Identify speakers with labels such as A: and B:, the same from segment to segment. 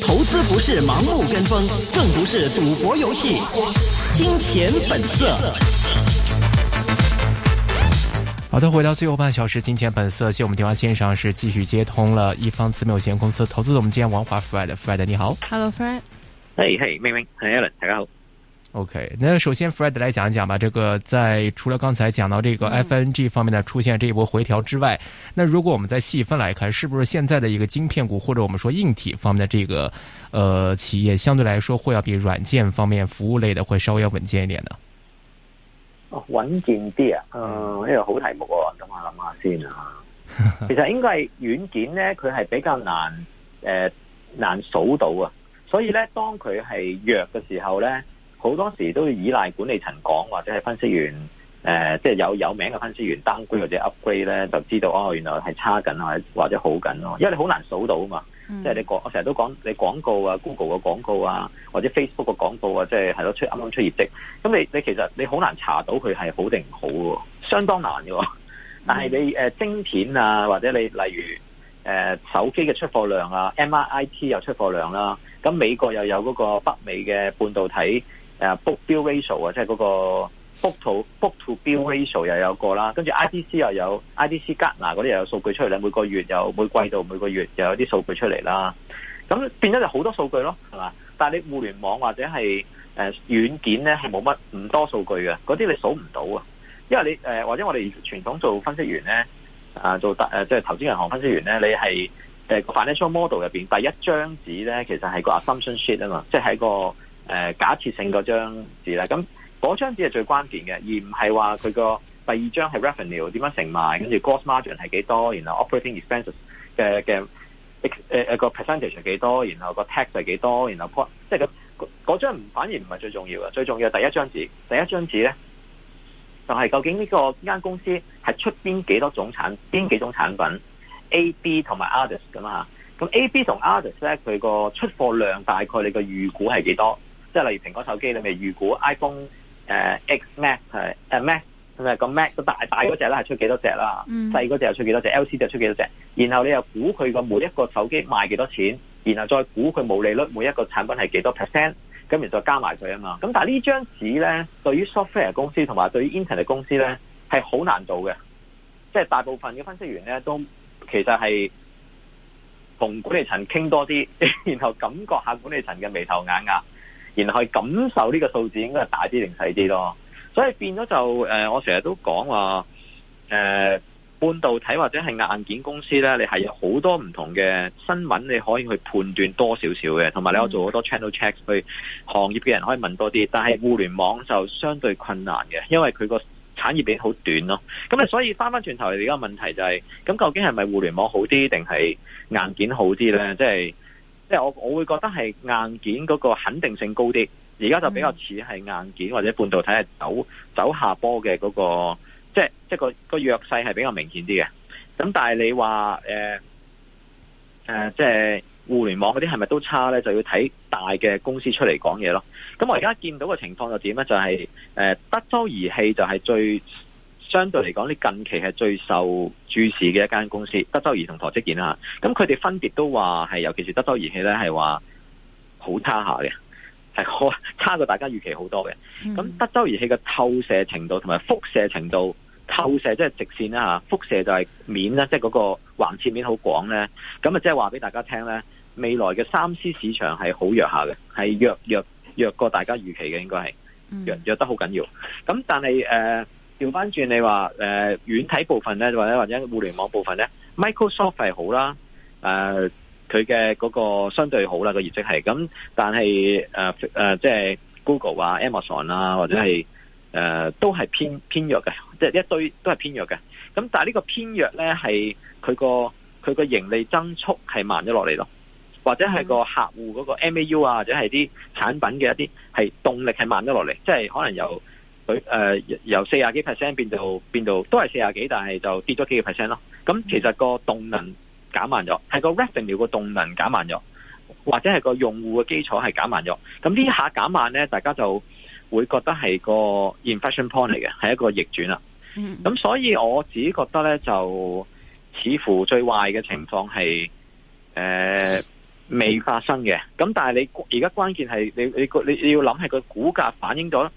A: 投資不是盲目跟風，更不是賭博遊戲。金錢本色。
B: 好的，回到最後半小時，金錢本色，謝我們電話線上是繼續接通了一方資本有限公司投資總監王華 Fred，Fred，你好
A: ，Hello，Fred，
B: 嘿嘿，明明，Hello，大家好。OK，那首先 Fred 來講一講吧。這個在除了剛才講到這個 FNG 方面的出現這一波回調之外，嗯、那如果我們再細分來看，是不是現在的一個晶片股或者我們說硬體方面的這個，呃，企業相對來說會要比軟件方面服務類的會稍微要穩健一點呢？哦，穩健啲啊，嗯、呃，呢、呢個好題目、啊，等我諗下先啊。 其實應該係軟件呢，佢係比較難，誒、呃，難數到啊。所以呢，當佢係弱嘅時候呢。好多時都要依賴管理層講，或者係分析員，誒、呃，即係有有名嘅分析員 downgrade 或者 upgrade 咧，就知道哦，原來係差緊，或者好緊咯。因為你好難數到嘛，嗯、即係你廣，我成日都講你廣告啊，Google 嘅廣告啊，或者 Facebook 嘅廣告啊，即係係咯，出啱啱出業績，咁你你其實你好難查到佢係好定唔好喎，相當難嘅。但係你誒晶片啊，或者你例如誒、呃、手機嘅出貨量啊，MIT 有出貨量啦、啊，咁美國又有嗰個北美嘅半導體，book bill ratio 啊，即係嗰個 book to book to bill ratio 又有一個啦，跟住 IDC 又有 IDC Gartner 嗰啲又有數據出嚟咧，每個月有每季度每個月又有啲數據出嚟啦。咁變咗就好多數據咯，係嘛？但係你互聯網或者係誒軟件咧，係冇乜唔多數據嘅，嗰啲你數唔到啊。因為你誒或者我哋傳統做分析員咧，啊做誒即係投資銀行分析員咧，你係誒 financial model 入面。第一張紙咧，其實係個 assumption sheet 啊嘛，即係個。誒，假設性嗰張紙咧，咁嗰張紙係最關鍵嘅，而唔係話佢個第二張係 Revenue 點樣乘埋，跟住 gross margin 係幾多，然後 operating expenses 嘅嘅、呃、個 percentage 係幾多，然後個 tax 係幾多，然後即係嗰嗰張反而唔係最重要嘅，最重要係第一張紙，第一張紙咧就係、是、究竟呢呢間公司係出邊幾多種產邊幾種產品 A、B 同埋 Others 咁啊，咁 A、B 同 Others 咧佢個出貨量大概你個預估係幾多？即係例如蘋果手機，你咪預估 iPhone 誒、呃、X Max 係誒 Mac 同埋，啊、個 Mac 都大大嗰隻啦，係出幾多隻啦？細嗰隻又出幾多隻？L C 就出幾多隻？然後你又估佢個每一個手機賣幾多錢？然後再估佢毛利率每一個產品係幾多 percent？咁然後再加埋佢啊嘛？咁但係呢張紙咧，對於 software 公司同埋對於 internet 公司咧，係好難做嘅。即、就、係、是、大部分嘅分析員咧，都其實係同管理層傾多啲， 然後感覺下管理層嘅眉頭眼額。然後去感受呢個數字應該係大啲定細啲咯，所以變咗就誒、呃，我成日都講話誒，半導體或者係硬件公司呢，你係有好多唔同嘅新聞你可以去判斷多少少嘅，同埋你有做好多 channel checks 去行業嘅人可以問多啲，但係互聯網就相對困難嘅，因為佢個產業鏈好短咯。咁啊，所以翻翻轉頭而家問題就係、是，咁究竟係咪互聯網好啲定係硬件好啲呢？即係。即係我我會覺得係硬件嗰個肯定性高啲，而家就比較似係硬件或者半導體係走走下坡嘅嗰個，即係即係個個弱勢係比較明顯啲嘅。咁但係你話誒誒，即係互聯網嗰啲係咪都差咧？就要睇大嘅公司出嚟講嘢咯。咁我而家見到嘅情況就點咧？就係誒德州儀器就係最。相對嚟講，呢近期係最受注視嘅一間公司，德州儀同台積電下，咁佢哋分別都話係，尤其是德州儀器咧，係話好差下嘅，係好差過大家預期好多嘅。咁德州儀器嘅透射程度同埋輻射程度，mm. 透射即係直線啦吓，輻射就係面咧，即係嗰個橫切面好廣咧。咁啊，即係話俾大家聽咧，未來嘅三 C 市場係好弱下嘅，係弱弱弱過大家預期嘅，應該係弱弱得好緊要。咁但係誒。呃調翻轉你話誒軟體部分咧，或者或者互聯網部分咧，Microsoft 係好啦，誒佢嘅嗰個相對好啦個業績係咁，但係誒誒、呃、即係、呃就是、Google 啊、Amazon 啊或者係誒、呃、都係偏偏弱嘅，即、就、係、是、一堆都係偏弱嘅。咁但係呢個偏弱咧係佢個佢個盈利增速係慢咗落嚟咯，或者係個客戶嗰個 MAU 啊或者係啲產品嘅一啲係動力係慢咗落嚟，即、就、係、是、可能有。佢誒、呃、由四廿幾 percent 變到變到都係四廿幾，但係就跌咗幾個 percent 咯。咁其實個動能減慢咗，係個 revenue 嘅個動能減慢咗，或者係個用戶嘅基礎係減慢咗。咁呢下減慢咧，大家就會覺得係個 inflation point 嚟嘅，係一個逆轉啊。咁所以我自己覺得咧，就似乎最壞嘅情況係誒未發生嘅。咁但係你而家關鍵係你你你你要諗係個股價反映咗。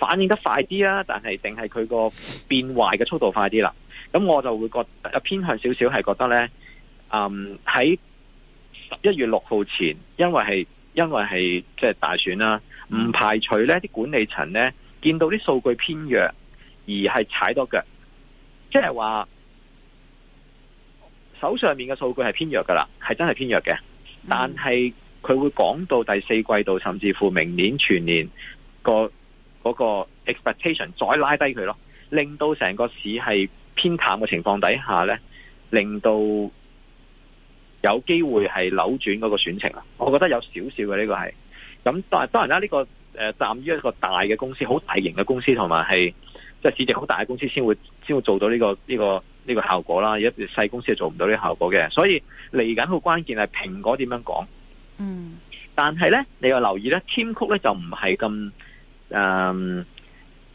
B: 反應得快啲啦，但係定係佢個變壞嘅速度快啲啦？咁我就會覺得偏向少少，係覺得咧，嗯喺十一月六號前，因為係因為係即係大選啦，唔排除咧啲管理層咧見到啲數據偏弱，而係踩多腳，即係話手上面嘅數據係偏弱噶啦，係真係偏弱嘅。但係佢會講到第四季度，甚至乎明年全年個。嗰個 expectation 再拉低佢咯，令到成個市係偏淡嘅情況底下呢，令到有機會係扭轉嗰個選情。我覺得有少少嘅呢個係咁，當然啦，呢個誒站於一個大嘅公司、好大型嘅公司，同埋係即係市值好大嘅公司，先會先會做到呢個呢個呢個效果啦。一細公司係做唔到呢個效果嘅，所以嚟緊嘅關鍵係蘋果點樣講？嗯，但係呢，你又留意呢，Tim Cook 呢就唔係咁。嗯，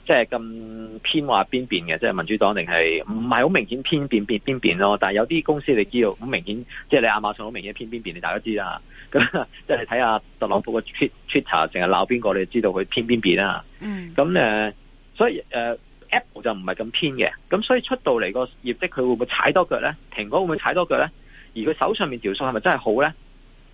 B: 即係咁偏話邊邊嘅，即係民主黨定係唔係好明顯偏邊邊邊邊咯？但係有啲公司你知道好明顯，即係你亞馬遜好明顯偏邊邊，你大家知啦。咁即係你睇下特朗普個 Twitter 淨係鬧邊個，你就知道佢偏邊邊啦。咁誒，所以誒、uh, Apple 就唔係咁偏嘅，咁所以出到嚟個業績佢會唔會踩多腳咧？蘋果會唔會踩多腳咧？而佢手上面條數係咪真係好咧？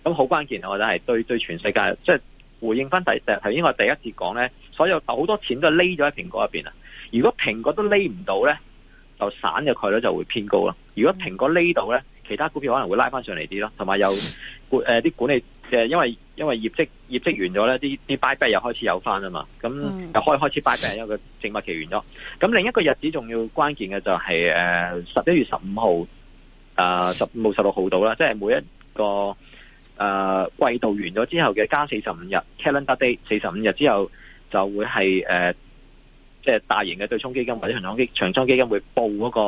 B: 咁好關鍵，我覺得係對對全世界即係、就是、回應翻第頭先我第一次講咧。所有好多錢都係匿咗喺蘋果入邊。如果蘋果都匿唔到咧，就散嘅概率就會偏高啦。如果蘋果匿到咧，其他股票可能會拉翻上嚟啲咯，同埋有啲、呃、管理因為因為業績業績完咗咧，啲啲 buy back 又開始有翻啊嘛。咁又開開始 buy back 因為佢正物期完咗。咁另一個日子仲要關鍵嘅就係誒十一月十五號，誒十五號十六號到啦，即係每一個誒、呃、季度完咗之後嘅加四十五日 calendar day 四十五日之後，就會係誒，即、呃、係、就是、大型嘅對沖基金或者長倉基長倉基金會報嗰、那個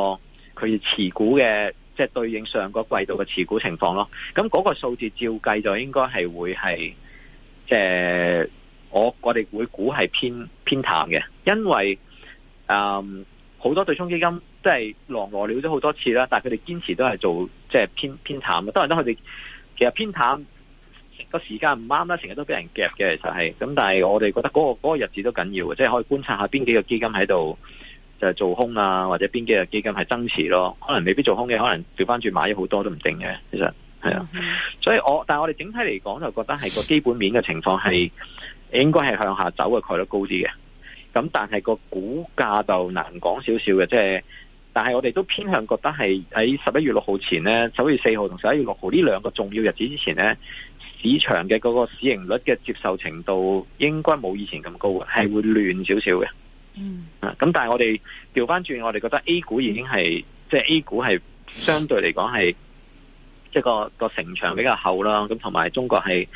B: 佢持股嘅，即、就、係、是、對應上個季度嘅持股情況咯。咁嗰個數字照計就應該係會係，即、呃、係我我哋會估係偏偏淡嘅，因為誒好、呃、多對沖基金即係狼來了咗好多次啦，但係佢哋堅持都係做即係、就是、偏偏淡嘅。當然啦，佢哋其實偏淡。個時間唔啱啦，成日都俾人夾嘅，其實係咁。但係我哋覺得嗰個嗰個日子都緊要嘅，即係可以觀察下邊幾個基金喺度就係做空啊，或者邊幾個基金係增持咯。可能未必做空嘅，可能調翻轉買咗好多都唔定嘅。其實係啊，所以我但係我哋整體嚟講就覺得係個基本面嘅情況係應該係向下走嘅概率高啲嘅。咁但係個股價就難講少少嘅，即係，但係我哋都偏向覺得係喺十一月六號前呢，十一月四號同十一月六號呢兩個重要日子之前呢。市場嘅嗰個市盈率嘅接受程度，應該冇以前咁高嘅，係會亂少少嘅。
A: 嗯，
B: 咁但係我哋調翻轉，我哋覺得 A 股已經係，即係 A 股係相對嚟講係，即係個個城牆比較厚啦。咁同埋中國係，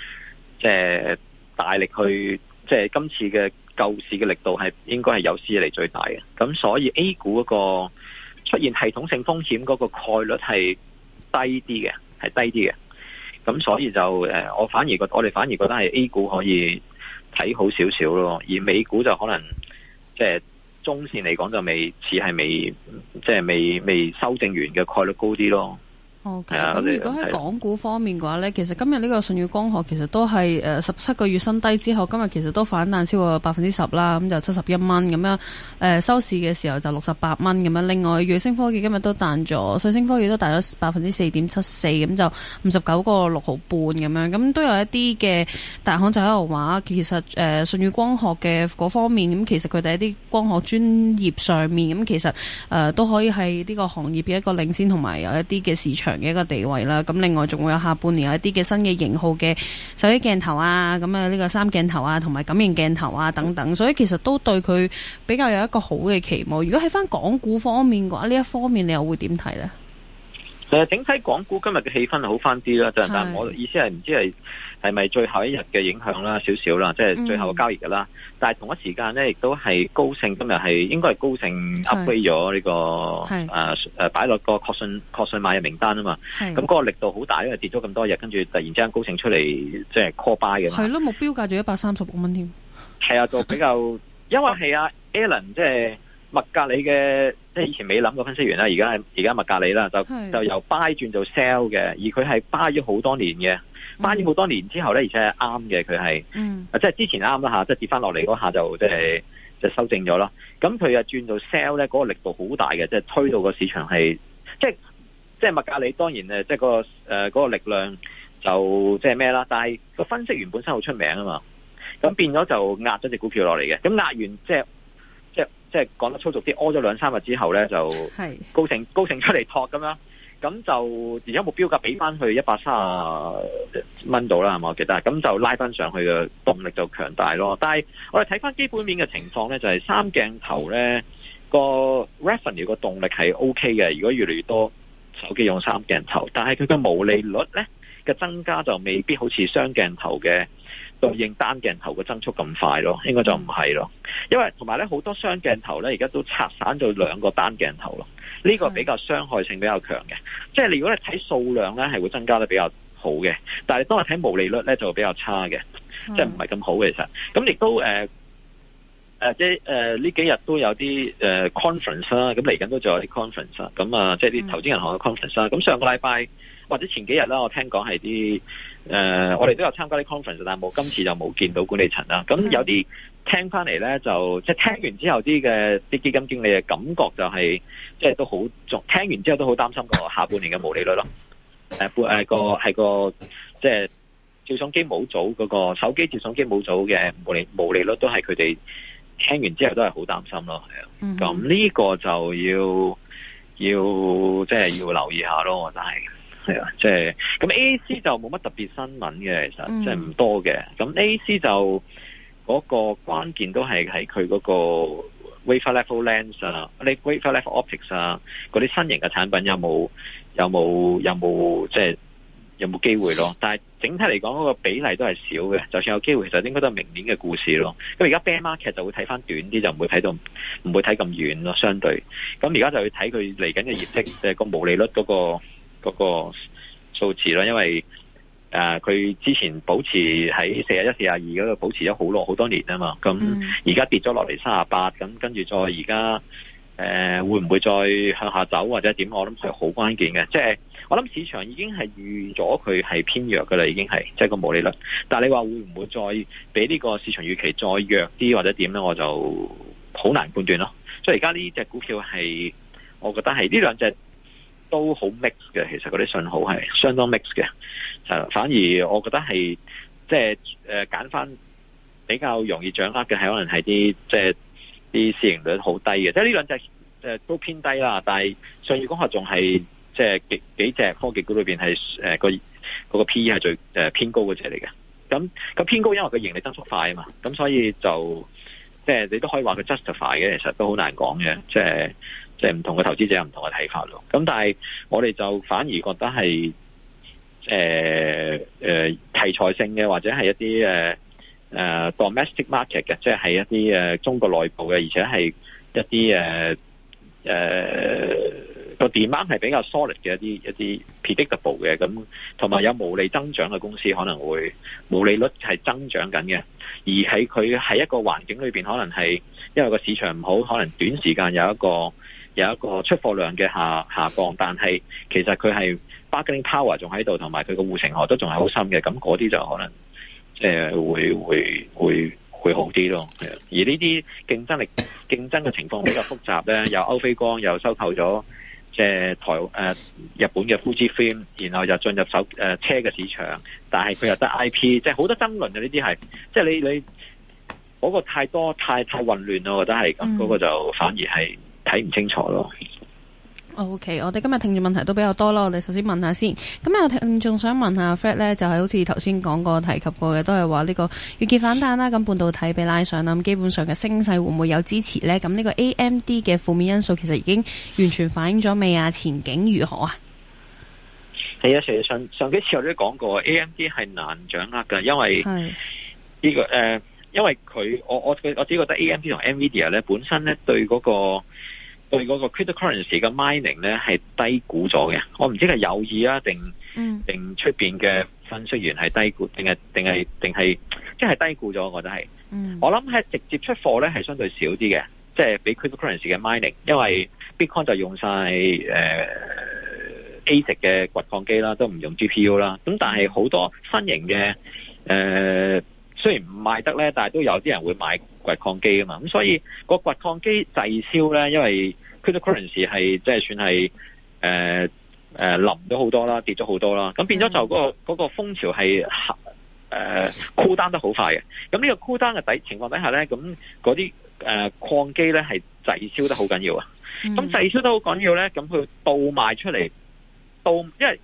B: 即係大力去，即係今次嘅救市嘅力度係，應該係有史以嚟最大嘅。咁所以 A 股嗰個出現系統性風險嗰個概率係低啲嘅，係低啲嘅。咁所以就誒我反而覺，我哋反而覺得係 A 股可以睇好少少咯，而美股就可能即係中線嚟講就未似係未即係未未修正完嘅概率高啲咯。
A: 咁 Okay, 的如果喺港股方面嘅話呢，的其實今日呢個舜宇光學其實都係誒十七個月新低之後，今日其實都反彈超過百分之十啦，咁、嗯、就七十一蚊咁樣。誒、嗯呃、收市嘅時候就六十八蚊咁樣。另外瑞星科技今日都彈咗，瑞星科技都彈咗百分之四點七四，咁、嗯、就五十九個六毫半咁樣。咁、嗯、都有一啲嘅大行就喺度話，其實誒、呃、舜宇光學嘅嗰方面，咁、嗯、其實佢哋一啲光學專業上面，咁、嗯、其實誒、呃、都可以喺呢個行業嘅一個領先同埋有，有一啲嘅市場。一個地位啦，咁另外仲會有下半年有一啲嘅新嘅型號嘅手機鏡頭啊，咁啊呢個三鏡頭啊，同埋感應鏡頭啊等等，所以其實都對佢比較有一個好嘅期望。如果喺翻港股方面嘅話，呢一方面你又會點睇呢？
B: 其實整體港股今日嘅氣氛係好翻啲啦，就但我意思係唔知係係咪最後一日嘅影響啦，少少啦，即係最後交易噶啦。嗯、但係同一時間咧，亦都係高盛今日係應該係高盛 upgrade 咗呢個誒誒，擺落、啊、個確信確信買嘅名單啊嘛。咁嗰是個力度好大，因為跌咗咁多日，跟住突然之間高盛出嚟即係 call buy 嘅。
A: 係咯，目標價就一百三十六蚊添。
B: 係啊，就比較， 因為係呀 Alan 即係。麥格里嘅即係以前未諗過分析員啦，而家係而家麥格里啦，就的就由 buy 轉做 sell 嘅，而佢係 buy 咗好多年嘅、mm hmm.，buy 咗好多年之後咧，而且係啱嘅，佢係，mm hmm. 啊即係、就是、之前啱一下，即、就、係、是、跌翻落嚟嗰下就即係、就是、就修正咗咯。咁佢又轉做 sell 咧，嗰、那個力度好大嘅，即、就、係、是、推到個市場係，即係即係麥格里當然誒，即、就、係、是那個誒嗰、呃那個力量就即係咩啦？但係個分析員本身好出名啊嘛，咁變咗就壓咗隻股票落嚟嘅，咁壓完即係。就是即係講得粗俗啲，屙咗兩三日之後呢，就高盛高盛出嚟托咁樣，咁就而家目標價俾翻去一百三十蚊度啦，係我記得，咁就拉翻上去嘅動力就強大咯。但係我哋睇翻基本面嘅情況呢，就係三鏡頭呢個 Revenue 個動力係 OK 嘅。如果越嚟越多手機用三鏡頭，但係佢嘅毛利率呢嘅增加就未必好似雙鏡頭嘅。對應單鏡頭嘅增速咁快咯，應該就唔係咯，嗯、因為同埋咧好多雙鏡頭咧而家都拆散咗兩個單鏡頭咯，呢個比較傷害性比較強嘅，即係你如果你睇數量咧係會增加得比較好嘅，但係當你睇毛利率咧就比較差嘅，即係唔係咁好嘅其實，咁亦都誒誒即係誒呢幾日都有啲誒 conference 啦，咁嚟緊都仲有啲 conference，咁啊即係啲投資銀行嘅 conference 啦。咁上個禮拜。或者前幾日啦，呃，我聽講係啲誒，我哋都有參加啲 conference，但係冇今次就冇見到管理層啦。咁有啲聽翻嚟咧，就即係、就是、聽完之後啲嘅啲基金經理嘅感覺就係即係都好，聽完之後都好擔心個下半年嘅毛利率咯。誒、呃，誒個係個即係照相機模組嗰、那個手機照相機模組嘅毛利毛利率都係佢哋聽完之後都係好擔心咯。係啊，咁呢個就要要即係、就是、要留意一下咯，但係。係啊，即係咁 A C 就冇、是、乜特別新聞嘅，其實即係唔多嘅。咁 A C 就嗰、那個關鍵都係喺佢嗰個 Wafer Level Lens 啊，你 Wafer Level Optics 啊，嗰啲新型嘅產品有冇有冇有冇即係有冇機、就是、會咯？但係整體嚟講，嗰個比例都係少嘅。就算有機會，其實應該都係明年嘅故事咯。咁而家 bear market 就會睇翻短啲，就唔會睇到唔會睇咁遠咯。相對咁而家就要睇佢嚟緊嘅業績，即、就、係、是、個毛利率嗰、那個。嗰個數字啦，因為誒佢、呃、之前保持喺四廿一、四廿二嗰度保持咗好耐、好多年啊嘛，咁而家跌咗落嚟三廿八，咁跟住再而家誒會唔會再向下走或者點？我諗係好關鍵嘅，即、就、係、是、我諗市場已經係預咗佢係偏弱㗎啦，已經係即係個毛利率。但係你話會唔會再俾呢個市場預期再弱啲或者點咧？我就好難判斷咯。所以而家呢隻股票係，我覺得係呢兩隻。都好 mix 嘅，其實嗰啲信號係相當 mix 嘅。反而我覺得係即係誒，揀、就、翻、是呃、比較容易掌握嘅係，可能係啲即係啲市盈率好低嘅，即係呢兩隻誒都偏低啦。但係舜宇光學仲係即係幾幾隻科技股裏邊係誒個個 P E 係最誒、呃、偏高嗰隻嚟嘅。咁咁偏高因為佢盈利增速快啊嘛。咁所以就即係、就是、你都可以話佢 justify 嘅。其實都好難講嘅，即、就、係、是。即係唔同嘅投資者有唔同嘅睇法咯。咁但係我哋就反而覺得係誒誒題材性嘅，或者係一啲誒誒、呃、domestic market 嘅，即、就、係、是、一啲誒中國內部嘅，而且係一啲誒誒個 demand 係比較 solid 嘅一啲一啲 predictable 嘅。咁同埋有毛利增長嘅公司可能會毛利率係增長緊嘅，而喺佢喺一個環境裏邊，可能係因為個市場唔好，可能短時間有一個。有一個出貨量嘅下下降，但係其實佢係 bargaining power 仲喺度，同埋佢個護城河都仲係好深嘅，咁嗰啲就可能即係會會會會好啲咯。而呢啲競爭力競爭嘅情況比較複雜咧，有歐菲光又收購咗即係台誒、呃、日本嘅富士 film，然後又進入手誒、呃、車嘅市場，但係佢又得 ip，即係好多爭論嘅呢啲係，即係你你嗰、嗰個太多太太混亂咯，我覺得係咁，嗰、嗰個就反而係。睇唔清楚咯。
A: O、okay, K，我哋今日聽住問題都比較多咯。我哋首先問下先，咁咧我仲想問下 Fred 呢，就係、是、好似頭先講過提及過嘅，都係話呢個月結反彈啦。咁半導體被拉上，咁基本上嘅升勢會唔會有支持呢？咁呢個 A M D 嘅負面因素其實已經完全反映咗未啊？前景如何啊？
B: 係啊，上上幾次我都講過 A M D 係難掌握嘅，因為呢的、這個誒、呃，因為佢我我我自己覺得 A M D 同 NVIDIA 咧本身咧對嗰、那個。對嗰個 crypto currency 嘅 mining 咧係低估咗嘅，我唔知係有意啊定定出邊嘅分析員係低估，定係定係定係即係低估咗，我覺得係。嗯、我諗係直接出貨咧係相對少啲嘅，即係比 crypto currency 嘅 mining，因為 bitcoin 就用晒誒、呃、ASIC 嘅掘礦機啦，都唔用 GPU 啦。咁但係好多新型嘅誒、呃，雖然唔賣得咧，但係都有啲人會買。掘礦機啊嘛，咁所以個掘礦機滯銷咧，因為 crypto currency 係即係、即係、算係誒誒，冧咗好多啦，跌咗好多啦，咁變咗就嗰、嗰個、嗰個風潮係誒 cool down 得好快嘅，咁呢個 cool down 嘅底情況底下咧，咁嗰啲誒礦機咧係滯銷得好緊、mm hmm. 要啊，咁滯銷得好緊要咧，咁佢倒賣出嚟，倒因為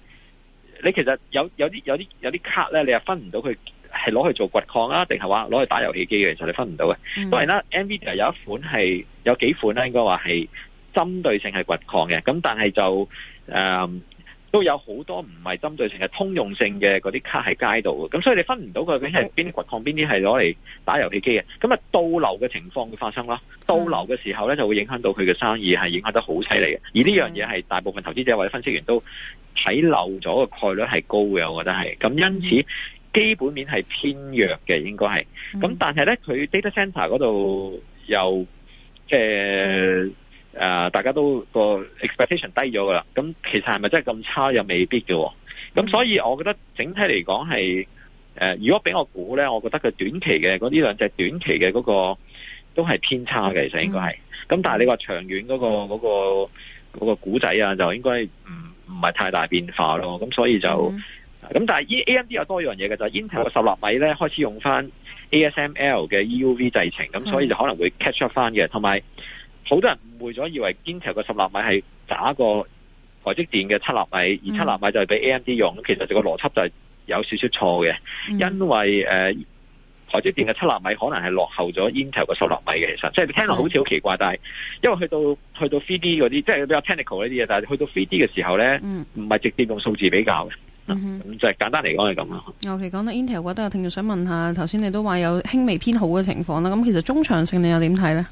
B: 你其實有有啲有啲有啲卡咧，你又分唔到佢。係攞去做掘礦啊，定係話攞去打遊戲機嘅，其實你分唔到嘅。當然啦、嗯、，NVIDIA 有一款係有幾款咧，應該話係針對性係掘礦嘅。咁但係就誒、嗯、都有好多唔係針對性嘅通用性嘅嗰啲卡喺街度。咁所以你分唔到佢究竟係邊啲掘礦，邊啲係攞嚟打遊戲機嘅。咁啊倒流嘅情況會發生咯。倒流嘅時候咧，就會影響到佢嘅生意，係影響得好犀利嘅。而呢樣嘢係大部分投資者或者分析員都睇漏咗嘅概率係高嘅，我覺得係。咁因此。嗯基本面係偏弱嘅，應該係。咁、嗯、但係呢，佢 data center 嗰度，又即係、呃嗯、大家都個 expectation 低咗噶啦。咁其實係咪真係咁差又未必嘅。咁、嗯、所以我覺得整體嚟講係誒，如果俾我估呢，我覺得佢短期嘅，嗰呢兩隻短期嘅,嗰、嗰個都係偏差嘅，其實應該係。咁、嗯、但係你話長遠嗰、嗰個嗰、嗯嗰個嗰、嗰個古仔啊，就應該唔唔係太大變化咯。咁所以就。嗯咁、嗯、但係 A M D 有多樣嘢嘅就係、是、Intel 嘅十納米咧開始用翻 A S M L 嘅 E U V 製程，咁所以就可能會 catch up 翻嘅。同埋好多人誤會咗，以為 Intel 嘅十納米係打過台積電嘅七納米，而七納米就係俾 A M D 用。其實就個邏輯就係有少少錯嘅，因為誒台積電嘅七納米可能係落後咗 Intel 嘅十納米嘅。其實即係聽落好似好奇怪，但係因為去到去到 3D 嗰啲，即係比較 technical 呢啲嘢，但係去到 3D 嘅時候咧，唔係直接用數字比較。咁就係簡單嚟講係咁咯。
A: 尤其講到 Intel 嘅話，都有聽眾想問下，頭先你都話有輕微偏好嘅情況啦。咁其實中長線你又點睇咧？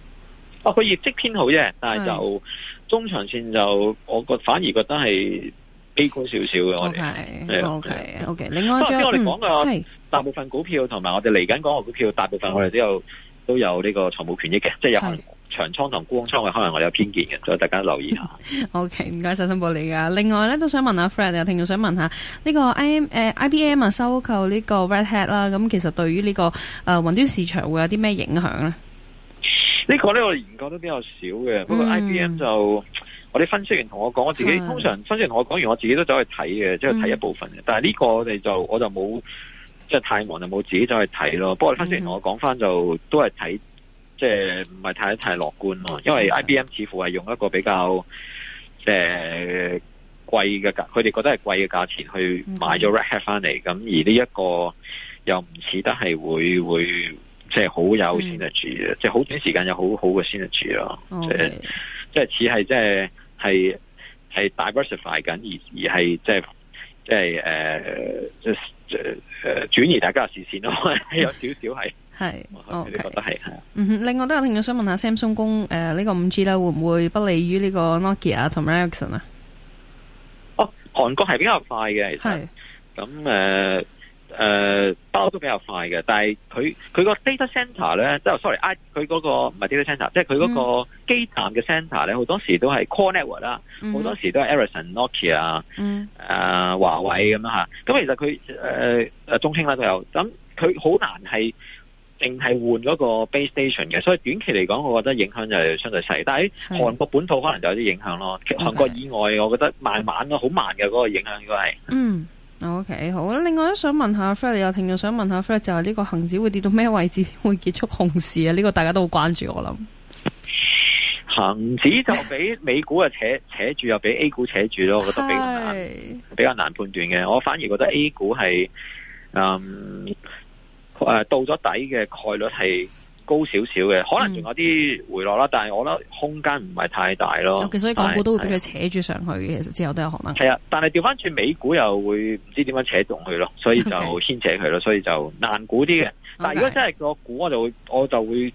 A: 哦，佢業績偏
B: 好啫，是但係就中長線就，我覺反而覺得係悲觀少少嘅。我哋
A: 係 OK OK。另外，相我哋
B: 講嘅，大部分股票，同埋我哋嚟緊講嘅股票，大部分我哋都有都有呢個財務權益嘅，即係有。長倉同沽空倉位，可能我哋有偏見嘅，所以大家留意
A: 下。 OK，唔該晒，辛苦你㗎。另外咧，都想問下 Fred 啊，聽眾想問下呢、呢個 I M I B M 啊，IBM，收購呢個 Red Hat 啦。咁其實對於呢、呢個誒雲端市場會有啲咩影響咧？
B: 呢個咧我研究都比較少嘅。不過 I B M 就、mm hmm. 我哋分析完同我講，我自己通常分析完同我講完，我自己都走去睇嘅，即係睇一部分嘅。但係呢個我哋就我就冇即係太忙就冇自己走去睇咯。不過分析完同我講翻就都係睇。即係唔係太太樂觀咯，Okay. 因為 IBM 似乎係用一個比較即係貴嘅價，佢哋覺得係貴嘅價錢去買咗 Red Hat 翻嚟，咁、mm hmm. 而呢一個又唔似得係會會即係好有 strategy，即係好、mm hmm. 短時間有很好好嘅 strategy 咯，即係即係似係即係係係 diversify 緊，而而係即係即係係誒誒轉移大家嘅視線咯， 有少少係。係是
A: ，OK，嗯哼是，另外都有聽眾想問下 Samsung 公誒呢，呃這個五 G 咧會唔會不利於呢個 Nokia，ok，啊同 Ericsson 啊？
B: 哦，韓國係比較快嘅，其實，咁誒誒包都比較快嘅，但係佢佢個 data center 咧，即係 sorry，佢嗰個唔係 data center，即係佢嗰個基站嘅 center 咧，好多時都係 Core Network 啦，嗯哼，好多時都係 Ericsson Nokia 啊，誒華為咁啊吓，咁，嗯嗯嗯，其實佢誒誒中興咧都有，咁佢好難係。定係換嗰個 base station 嘅，所以短期嚟講，我覺得影響就係相對細。但係喺韓國本土可能就有啲影響咯。其 Okay. 韓國以外，我覺得慢慢咯，好 Okay. 慢嘅嗰，那個影
A: 響應該係。嗯，OK，好，另外都想問下 Fred，有聽眾想問下 Fred，就係呢個恒指會跌到咩位置先會結束熊市啊？呢，這個大家都好關注我諗。
B: 恒指就俾美股啊扯 扯住，又俾 A 股扯住咯，我覺得比較難，是比較難判斷嘅。我反而覺得 A 股係，嗯。嗯誒，到咗底嘅概率係高少少嘅，可能仲有啲回落啦，嗯、但係我覺得空間唔係太大咯。咁、okay, 所以港股都會俾佢
A: 扯住上去嘅，其實的之後都有可能。係啊，
B: 但係調翻轉美股又會唔知點樣扯動佢咯，所以就牽扯佢咯。Okay. 所以就難估啲嘅。但係如果真係個股我就會，我就會、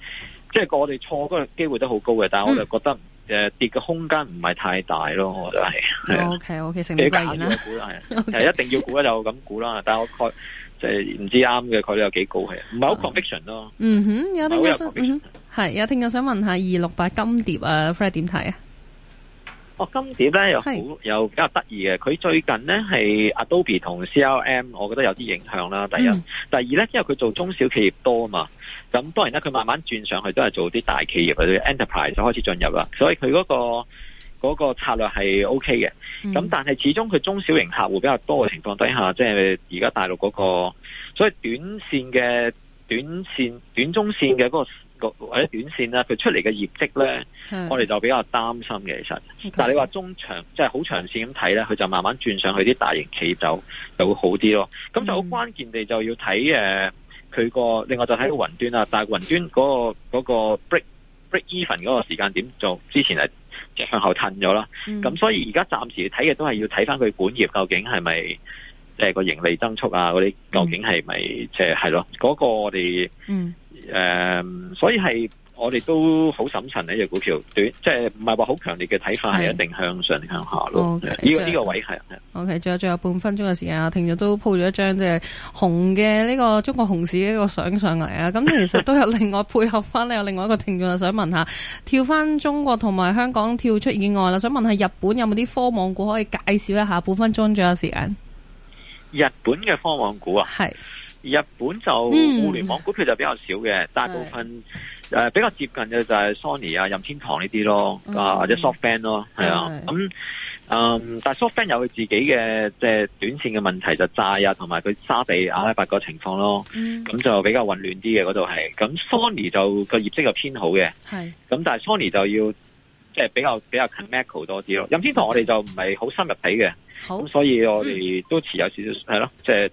B: 就是、我就會即係我哋錯嗰個機會都好高嘅，但係我就覺得誒跌嘅空間唔係太大咯，我就
A: 係。O K，ok 成你啦，係 Okay. 一
B: 定要估咧就咁估啦，但係我概。即係唔知啱嘅，概率有幾高係？唔係好 conviction 咯。啊、嗯哼，
A: 有聽過想，嗯哼，係有聽又想問下二六八金蝶啊 Fred 點點睇啊？Fred, 哦，
B: 金蝶咧又好有是比較得意嘅，佢最近咧係 Adobe 同 CRM，我覺得有啲影響啦。第一，嗯、第二咧，因為佢做中小企業多啊嘛，咁當然呢，佢慢慢轉上去都係做啲大企業佢啲 enterprise 就是、en 開始進入啦，所以佢嗰、那個。嗰個策略係 OK 嘅，咁但係始終佢中小型客戶比較多嘅情況底下，嗯、即係而家大陸嗰個，所以短線嘅短線、短中線嘅嗰個個或者短線啦，佢出嚟嘅業績咧，我哋就比較擔心嘅。其實是，但係你話中長即係好長線咁睇咧，佢就慢慢轉上去啲大型企業就就會好啲咯。咁就好關鍵地就要睇誒佢個另外就睇個雲端啦，但係雲端嗰個嗰個 break break even 嗰個時間點就之前係。向後褪咗啦，咁所以而家暫時睇嘅都係要睇翻佢本業究竟係咪，即係個盈利增速啊嗰啲，嗰啲究竟係咪即係係咯，嗰、嗯就係嗰個我哋嗯，誒、呃，所以係。我哋都好審慎呢隻股票，就是、短即係唔係話好強烈嘅睇法，係的一定向上向下咯。呢 Okay,、這個呢後個
A: 位係。O K，仲有仲有半分鐘嘅時間啊，我聽眾都鋪咗一張即係熊嘅呢個中國熊市嘅一個相上嚟啊。咁其實都有另外配合翻咧， 有另外一個聽眾想問下，跳翻中國同埋香港跳出以外啦，想問下日本有冇啲科網股可以介紹一下？半分鐘仲有時間。
B: 日本嘅科網股啊，係的日本就、嗯、互聯網股票就比較少嘅，大部分。誒、呃，比較接近嘅就係 Sony 啊、任天堂呢啲咯，啊 Okay. 或者 SoftBank 咯，係啊的，咁的嗯，但係 SoftBank 有佢自己嘅即係短綫嘅問題就、啊，就債啊同埋佢沙地阿拉伯個情況咯，咁、嗯、就比較混亂啲嘅嗰度係，咁 Sony 就個、嗯、業績就偏好嘅，係的，咁、嗯、但係 Sony 就要即係、就是、比較比較 commercial 多啲咯，任天堂我哋就唔係好深入睇嘅，咁好、嗯、所以我哋都持有少少係咯，即係。就是